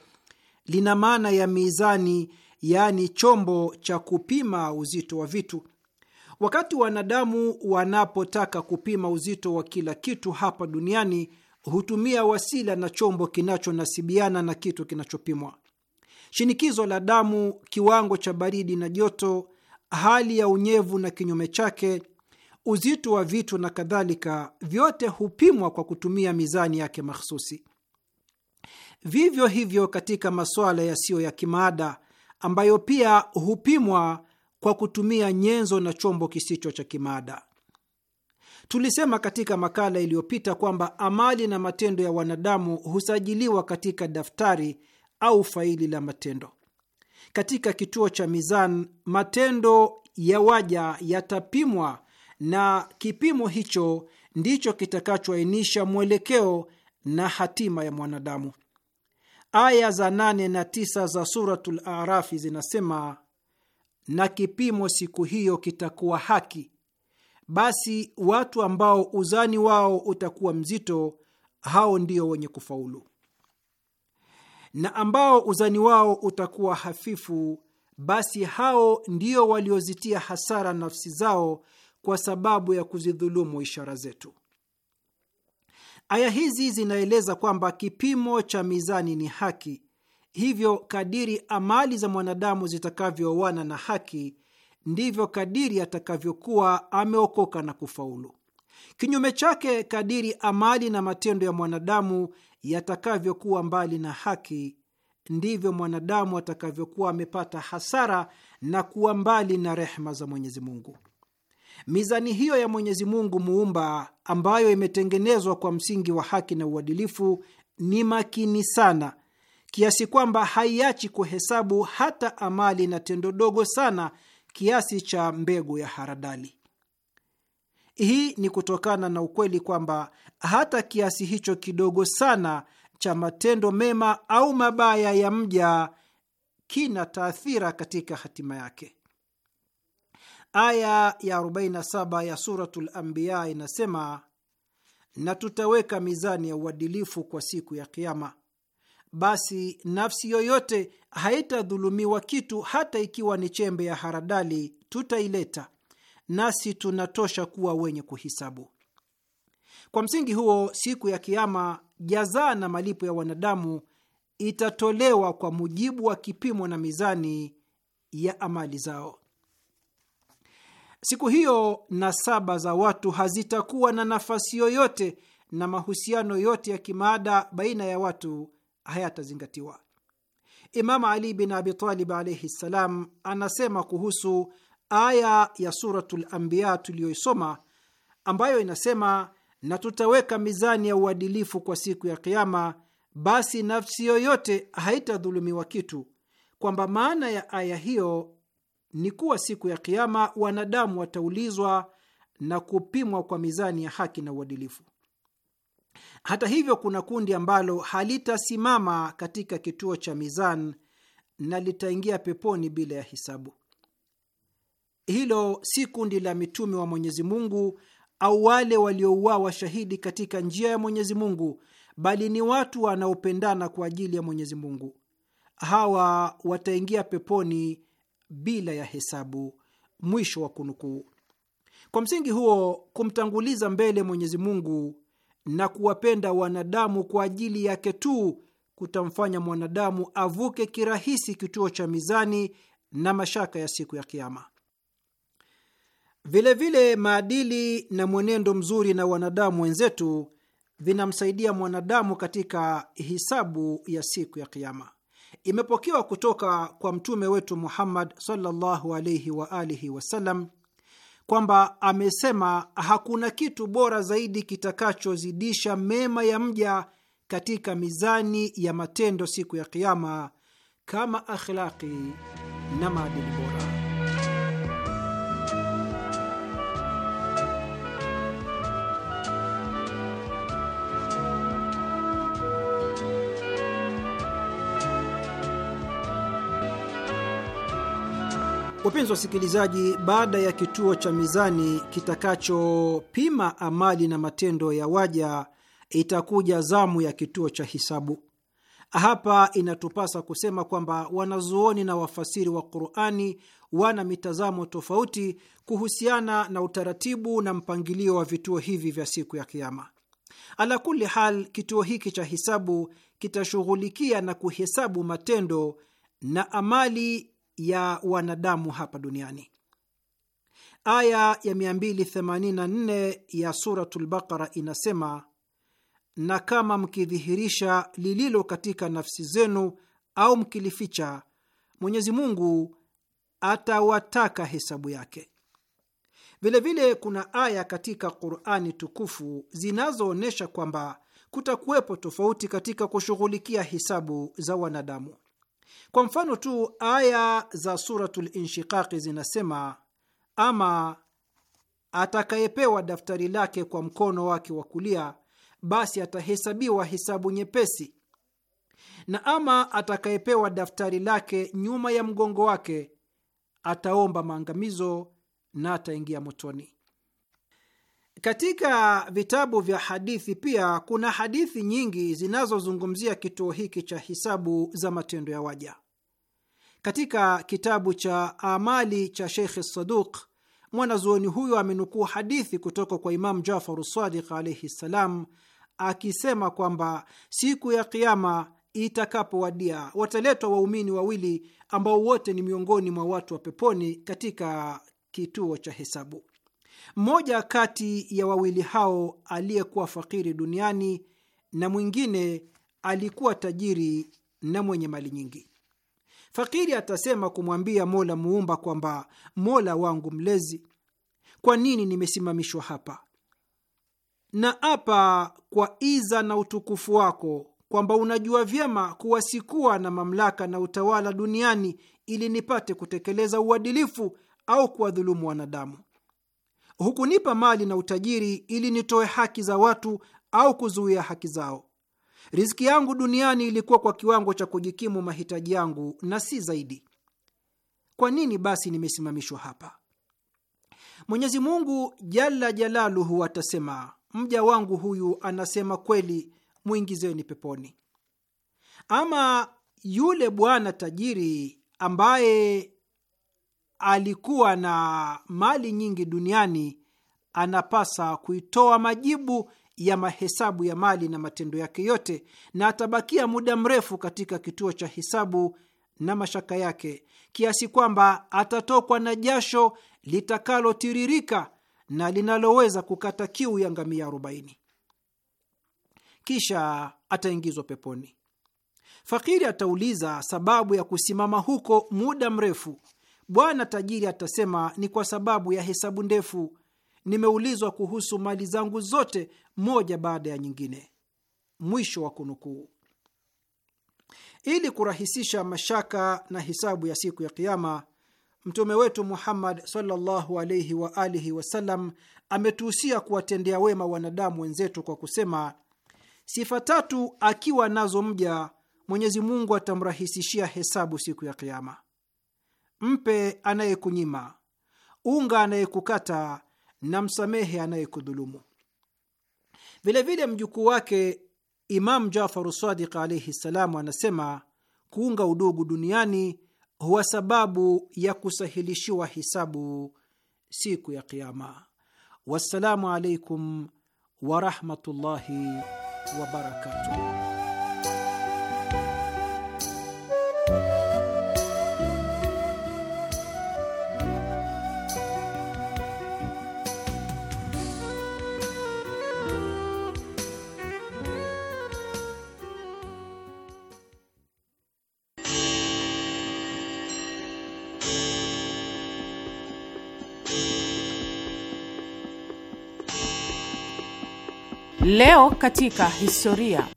lina maana ya mizani yaani chombo cha kupima uzito wa vitu. Wakati wanadamu wanapotaka kupima uzito wa kila kitu hapa duniani hutumia wasila na chombo kinachonasibiana na kitu kinachopimwa: shinikizo la damu, kiwango cha baridi na joto, hali ya unyevu na kinyume chake, uzito wa vitu na kadhalika, vyote hupimwa kwa kutumia mizani yake mahsusi. Vivyo hivyo katika masuala yasiyo ya kimaada ambayo pia hupimwa kwa kutumia nyenzo na chombo kisicho cha kimada. Tulisema katika makala iliyopita kwamba amali na matendo ya wanadamu husajiliwa katika daftari au faili la matendo. Katika kituo cha mizan matendo ya waja yatapimwa na kipimo hicho ndicho kitakachoainisha mwelekeo na hatima ya mwanadamu. Aya za nane na tisa za Suratul Arafi zinasema, na kipimo siku hiyo kitakuwa haki, basi watu ambao uzani wao utakuwa mzito, hao ndio wenye kufaulu, na ambao uzani wao utakuwa hafifu, basi hao ndio waliozitia hasara nafsi zao kwa sababu ya kuzidhulumu ishara zetu. Aya hizi zinaeleza kwamba kipimo cha mizani ni haki, hivyo kadiri amali za mwanadamu zitakavyoana na haki ndivyo kadiri atakavyokuwa ameokoka na kufaulu. Kinyume chake, kadiri amali na matendo ya mwanadamu yatakavyokuwa mbali na haki ndivyo mwanadamu atakavyokuwa amepata hasara na kuwa mbali na rehma za Mwenyezi Mungu. Mizani hiyo ya Mwenyezi Mungu muumba ambayo imetengenezwa kwa msingi wa haki na uadilifu ni makini sana kiasi kwamba haiachi kuhesabu hata amali na tendo dogo sana kiasi cha mbegu ya haradali. Hii ni kutokana na ukweli kwamba hata kiasi hicho kidogo sana cha matendo mema au mabaya ya mja kina taathira katika hatima yake. Aya ya 47 ya Suratul Anbiya inasema, na tutaweka mizani ya uadilifu kwa siku ya Kiama, basi nafsi yoyote haitadhulumiwa kitu, hata ikiwa ni chembe ya haradali, tutaileta nasi tunatosha kuwa wenye kuhisabu. Kwa msingi huo, siku ya Kiama, jazaa na malipo ya wanadamu itatolewa kwa mujibu wa kipimo na mizani ya amali zao. Siku hiyo nasaba za watu hazitakuwa na nafasi yoyote na mahusiano yote ya kimaada baina ya watu hayatazingatiwa. Imamu Ali bin Abitalib alaihi ssalam anasema kuhusu aya ya Suratul Anbiya tuliyoisoma ambayo inasema, na tutaweka mizani ya uadilifu kwa siku ya Kiama, basi nafsi yoyote haitadhulumiwa kitu, kwamba maana ya aya hiyo ni kuwa siku ya Kiama wanadamu wataulizwa na kupimwa kwa mizani ya haki na uadilifu. Hata hivyo, kuna kundi ambalo halitasimama katika kituo cha mizan na litaingia peponi bila ya hisabu. Hilo si kundi la mitume wa Mwenyezi Mungu au wale waliouawa shahidi katika njia ya Mwenyezi Mungu, bali ni watu wanaopendana kwa ajili ya Mwenyezi Mungu. Hawa wataingia peponi bila ya hesabu. Mwisho wa kunukuu. Kwa msingi huo, kumtanguliza mbele Mwenyezi Mungu na kuwapenda wanadamu kwa ajili yake tu kutamfanya mwanadamu avuke kirahisi kituo cha mizani na mashaka ya siku ya Kiama. Vilevile, maadili na mwenendo mzuri na wanadamu wenzetu vinamsaidia mwanadamu katika hisabu ya siku ya Kiama imepokewa kutoka kwa mtume wetu Muhammad sallallahu alaihi wa alihi wasallam kwamba amesema, hakuna kitu bora zaidi kitakachozidisha mema ya mja katika mizani ya matendo siku ya Kiama kama akhlaqi na maadili bora. Wapenzi wasikilizaji, baada ya kituo cha mizani kitakachopima amali na matendo ya waja, itakuja zamu ya kituo cha hisabu. Hapa inatupasa kusema kwamba wanazuoni na wafasiri wa Qurani wana mitazamo tofauti kuhusiana na utaratibu na mpangilio wa vituo hivi vya siku ya Kiama. Ala kuli hal, kituo hiki cha hisabu kitashughulikia na kuhesabu matendo na amali ya wanadamu hapa duniani. Aya ya 284 ya Suratul Baqara inasema, na kama mkidhihirisha lililo katika nafsi zenu au mkilificha, Mwenyezi Mungu atawataka hesabu yake. Vilevile vile kuna aya katika Qurani tukufu zinazoonyesha kwamba kutakuwepo tofauti katika kushughulikia hisabu za wanadamu. Kwa mfano tu, aya za Suratul Inshiqaqi zinasema, ama atakayepewa daftari lake kwa mkono wake wa kulia, basi atahesabiwa hesabu nyepesi, na ama atakayepewa daftari lake nyuma ya mgongo wake, ataomba maangamizo na ataingia motoni. Katika vitabu vya hadithi pia kuna hadithi nyingi zinazozungumzia kituo hiki cha hisabu za matendo ya waja. Katika kitabu cha Amali cha Sheikh Saduq, mwanazuoni huyo amenukuu hadithi kutoka kwa Imamu Jafaru Sadiq alaihi ssalam akisema kwamba siku ya Kiama itakapowadia wataletwa waumini wawili ambao wote ni miongoni mwa watu wa peponi katika kituo cha hesabu. Mmoja kati ya wawili hao aliyekuwa fakiri duniani na mwingine alikuwa tajiri na mwenye mali nyingi. Fakiri atasema kumwambia Mola Muumba kwamba Mola wangu Mlezi, kwa nini nimesimamishwa hapa? Na apa kwa iza na utukufu wako kwamba unajua vyema kuwa sikuwa na mamlaka na utawala duniani ili nipate kutekeleza uadilifu au kuwadhulumu wanadamu hukunipa mali na utajiri ili nitoe haki za watu au kuzuia haki zao. Riziki yangu duniani ilikuwa kwa kiwango cha kujikimu mahitaji yangu na si zaidi. Kwa nini basi nimesimamishwa hapa? Mwenyezi Mungu jala jalaluhu atasema, mja wangu huyu anasema kweli, mwingizeni peponi. Ama yule bwana tajiri ambaye alikuwa na mali nyingi duniani, anapasa kuitoa majibu ya mahesabu ya mali na matendo yake yote, na atabakia muda mrefu katika kituo cha hisabu na mashaka yake, kiasi kwamba atatokwa na jasho litakalotiririka na linaloweza kukata kiu ya ngamia arobaini. Kisha ataingizwa peponi. Fakiri atauliza sababu ya kusimama huko muda mrefu Bwana tajiri atasema, ni kwa sababu ya hesabu ndefu nimeulizwa kuhusu mali zangu zote moja baada ya nyingine. Mwisho wa kunukuu. Ili kurahisisha mashaka na hisabu ya siku ya Kiama, Mtume wetu Muhammad sallallahu alaihi wa alihi wasallam ametuhusia kuwatendea wema wanadamu wenzetu kwa kusema, sifa tatu akiwa nazo mja Mwenyezi Mungu atamrahisishia hesabu siku ya Kiama mpe anayekunyima, unga anayekukata na msamehe anayekudhulumu. Vilevile mjukuu wake imamu Jafaru Sadiq alaihi ssalamu anasema kuunga udugu duniani huwa sababu ya kusahilishiwa hisabu siku ya Kiama. Wassalamu alaikum warahmatullahi wabarakatuh. Leo katika historia.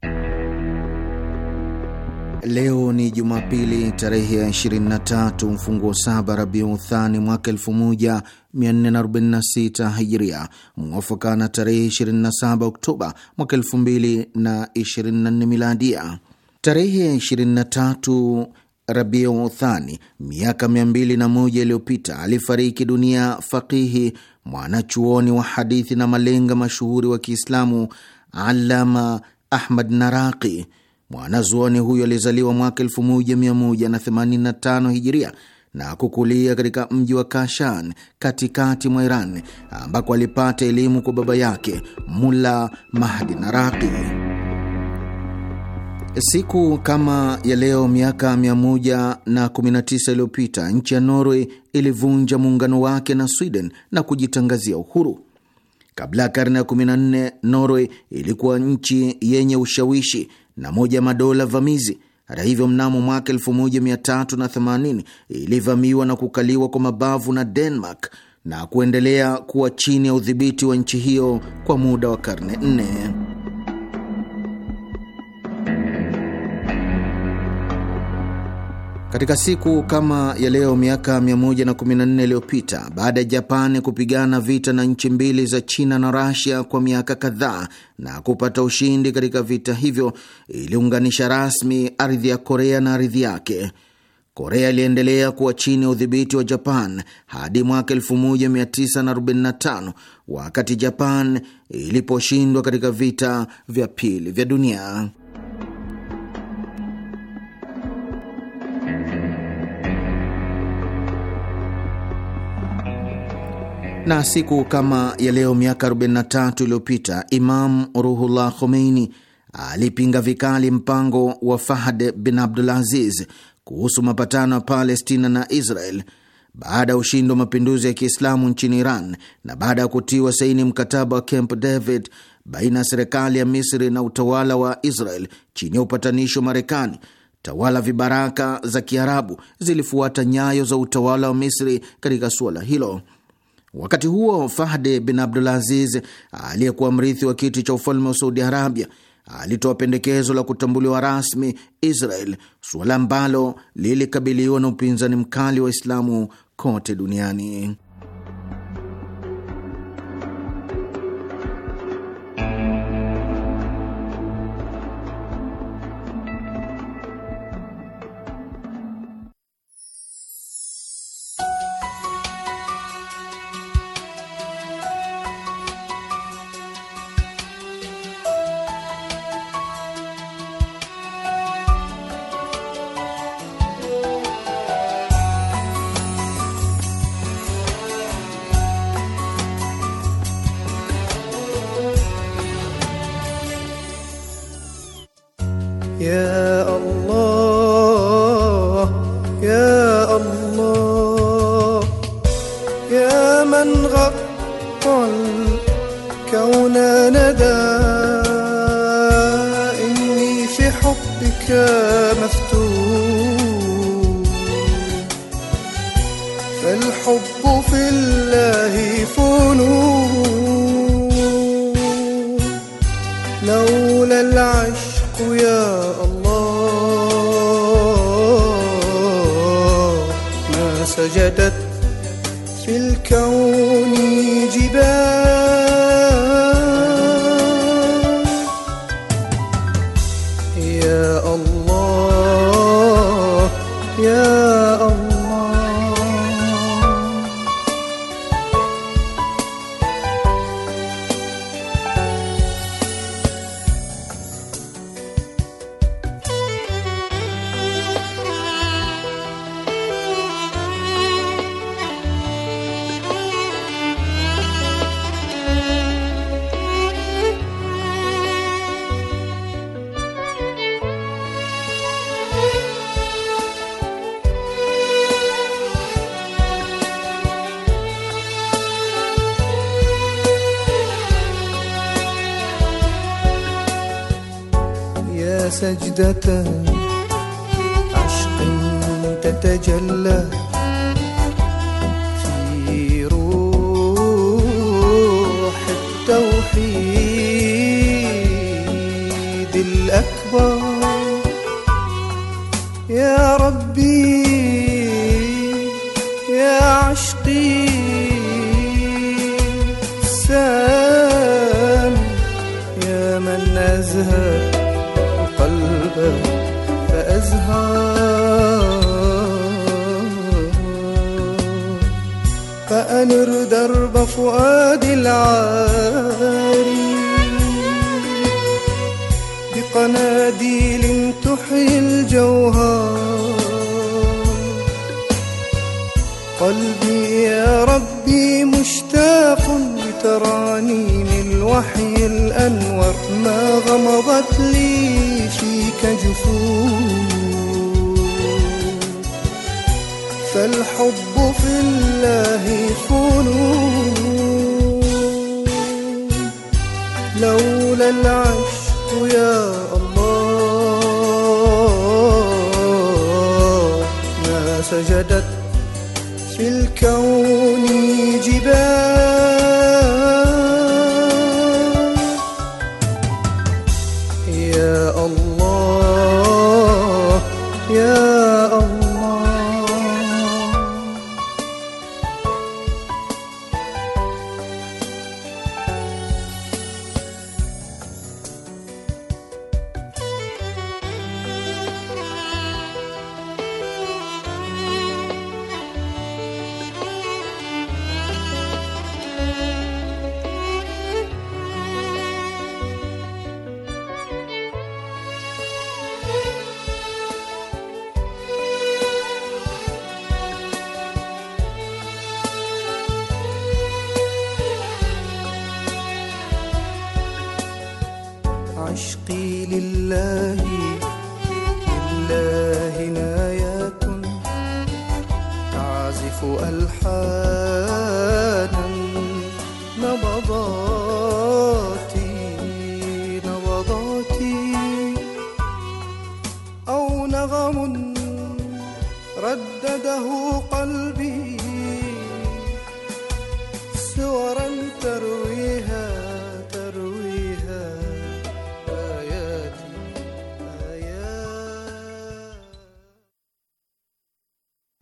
Leo ni Jumapili tarehe ya 23 mfunguo saba Rabiu Uthani mwaka 1446 Hijria, mwafaka na tarehe 27 Oktoba mwaka 2024 Miladia. Tarehe ya 23 Rabiu Uthani miaka moja iliyopita alifariki dunia faqihi, mwanachuoni wa hadithi na malenga mashuhuri wa Kiislamu, Alama Ahmad Naraqi. Mwanazuoni huyo alizaliwa mwaka 1185 Hijiria na kukulia katika mji wa Kashan katikati mwa Iran, ambako alipata elimu kwa baba yake Mulla Mahdi Naraqi. Siku kama ya leo miaka 119 iliyopita nchi ya Norway ilivunja muungano wake na Sweden na kujitangazia uhuru. Kabla ya karne ya 14, Norway ilikuwa nchi yenye ushawishi na moja ya madola vamizi. Hata hivyo, mnamo mwaka 1380 ilivamiwa na kukaliwa kwa mabavu na Denmark na kuendelea kuwa chini ya udhibiti wa nchi hiyo kwa muda wa karne nne. Katika siku kama ya leo miaka 114 iliyopita, baada ya Japani kupigana vita na nchi mbili za China na Rasia kwa miaka kadhaa na kupata ushindi katika vita hivyo, iliunganisha rasmi ardhi ya Korea na ardhi yake. Korea iliendelea kuwa chini ya udhibiti wa Japan hadi mwaka 1945 wakati Japan iliposhindwa katika vita vya pili vya dunia. Na siku kama ya leo miaka 43 iliyopita Imam Ruhullah Khomeini alipinga vikali mpango wa Fahd bin Abdulaziz kuhusu mapatano ya Palestina na Israel baada ya ushindi wa mapinduzi ya Kiislamu nchini Iran na baada ya kutiwa saini mkataba wa Camp David baina ya serikali ya Misri na utawala wa Israel chini ya upatanishi wa Marekani. Tawala vibaraka za Kiarabu zilifuata nyayo za utawala wa Misri katika suala hilo. Wakati huo Fahde bin Abdulaziz aliyekuwa mrithi wa kiti cha ufalme wa Saudi Arabia alitoa pendekezo la kutambuliwa rasmi Israel, suala ambalo lilikabiliwa na upinzani mkali wa islamu kote duniani. الله ما سجدت في الكون جبال تراني من وحي الأنور ما غمضت لي فيك جفون فالحب في الله فنون لولا العشق يا الله ما سجدت في الكون جبال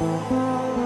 Música